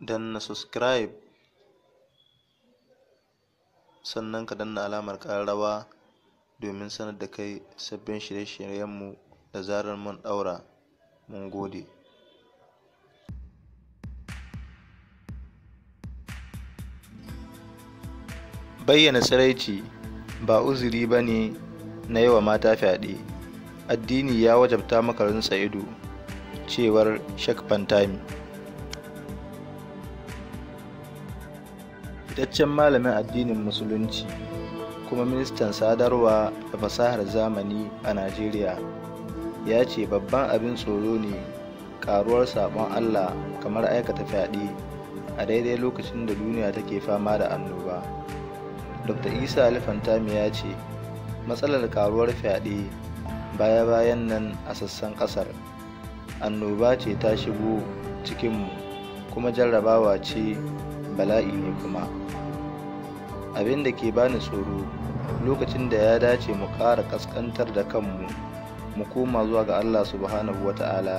danna subscribe sannan ka danna alamar ƙararrawa domin sanar da kai sabbin shirye-shiryenmu da zarar mun ɗaura mun gode bayyana tsiraici ba uzuri ba ne na yawa mata fyaɗe addini ya wajabta maka rinsa ido cewar shak fantami fitaccen malamin addinin musulunci kuma ministan sadarwa da fasahar zamani a najeriya ya ce babban abin tsoro ne karuwar sabon allah kamar aikata fyaɗe a daidai lokacin da duniya take fama da annoba dr isa alifantami ya ce matsalar karuwar fyaɗe baya-bayan nan a sassan ƙasar annoba ce ta shigo cikinmu kuma jarrabawa ce bala'i ne kuma abin da ke bani tsoro lokacin da ya dace mu ƙara ƙasƙantar da kanmu mu koma zuwa ga allah subhanahu wa ta'ala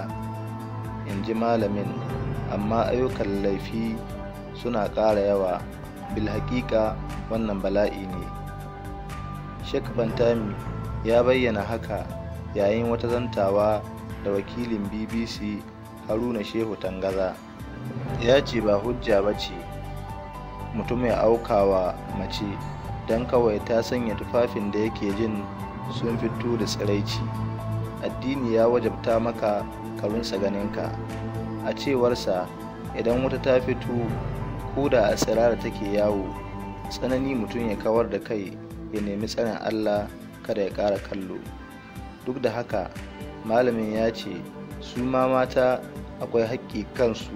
in ji malamin amma ayyukan laifi suna ƙara yawa bilhaƙiƙa wannan bala'i ne sheik Bantami ya bayyana haka yayin wata zantawa da wakilin bbc haruna shehu tangaza ya ce ba hujja ba ce mutum ya aukawa mace don kawai ta sanya tufafin da yake jin sun fito da tsiraici addini ya wajabta maka karunsa ganinka a cewarsa idan wata ta fito ko da a tsirara take yawo tsanani mutum ya kawar da kai ya nemi tsanin allah kada ya ƙara kallo duk da haka malamin ya ce su ma mata akwai haƙƙi kansu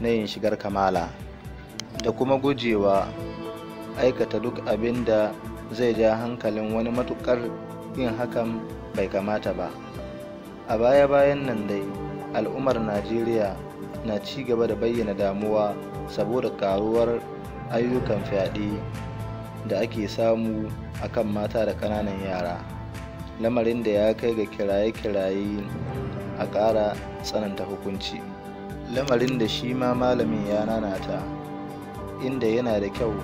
na yin shigar kamala da kuma gujewa aikata duk abin da zai ja hankalin wani matukar yin hakan bai kamata ba a baya-bayan nan dai al'ummar najeriya na ci gaba da bayyana damuwa saboda karuwar ayyukan fyaɗe da ake samu a kan mata da ƙananan yara lamarin da ya kai ga kiraye-kiraye a ƙara tsananta hukunci lamarin da shi ma malamin ya nanata inda yana da kyau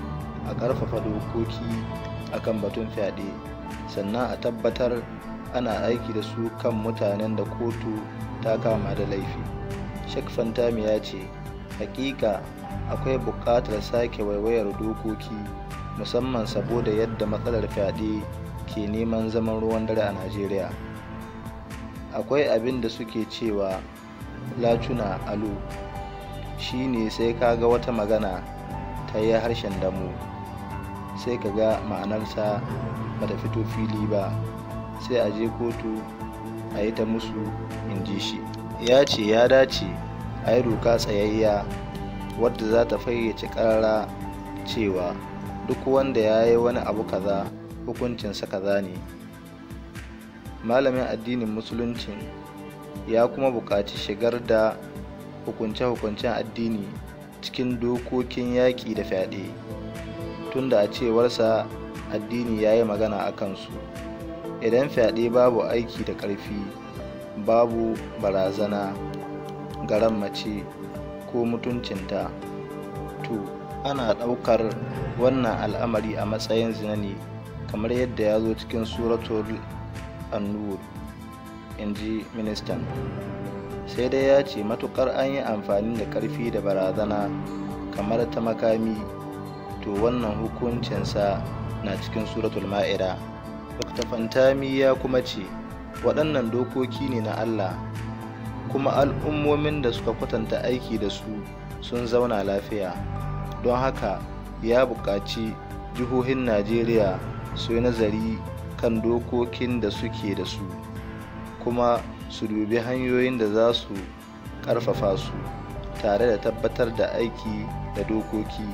a ƙarfafa dokoki akan batun fyaɗe sannan a tabbatar ana aiki da su kan mutanen da kotu ta kama da laifi shek fantami ya ce hakika akwai buƙatar sake waiwayar dokoki musamman saboda yadda matsalar fyaɗe ke neman zaman ruwan dare a najeriya akwai abin da suke cewa lacuna alu shi ne sai kaga wata magana ta yi harshen damu sai ka ga ma'anarsa ba ta fito fili ba sai a je kotu a yi ta musu in ji shi ya ce ya dace a yi doka tsayayya wadda za ta fayyace karara cewa duk wanda ya yi wani abu kaza hukuncinsa kaza ne malamin addinin musuluncin ya kuma buƙaci shigar da hukunce-hukuncen addini cikin dokokin yaƙi da fyaɗe tunda a cewarsa addini ya yi magana a kansu idan fyaɗe babu aiki da ƙarfi babu barazana garan mace ko mutuncinta to ana ɗaukar wannan al'amari a matsayin zinani kamar yadda ya zo cikin suratul annur in ji ministan sai dai ya ce matukar an yi amfani da karfi da barazana kamar ta makami to wannan hukuncinsa na cikin suratul ma'ida dr fantami ya kuma ce waɗannan dokoki ne na allah kuma al'ummomin da suka kwatanta aiki da su sun zauna lafiya don haka ya buƙaci jihohin najeriya su yi nazari kan dokokin da suke da su kuma su dubi hanyoyin da za su karfafa su tare da tabbatar da aiki da dokoki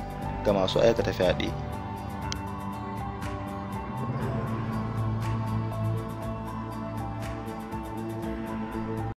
ga masu aikata fyaɗe.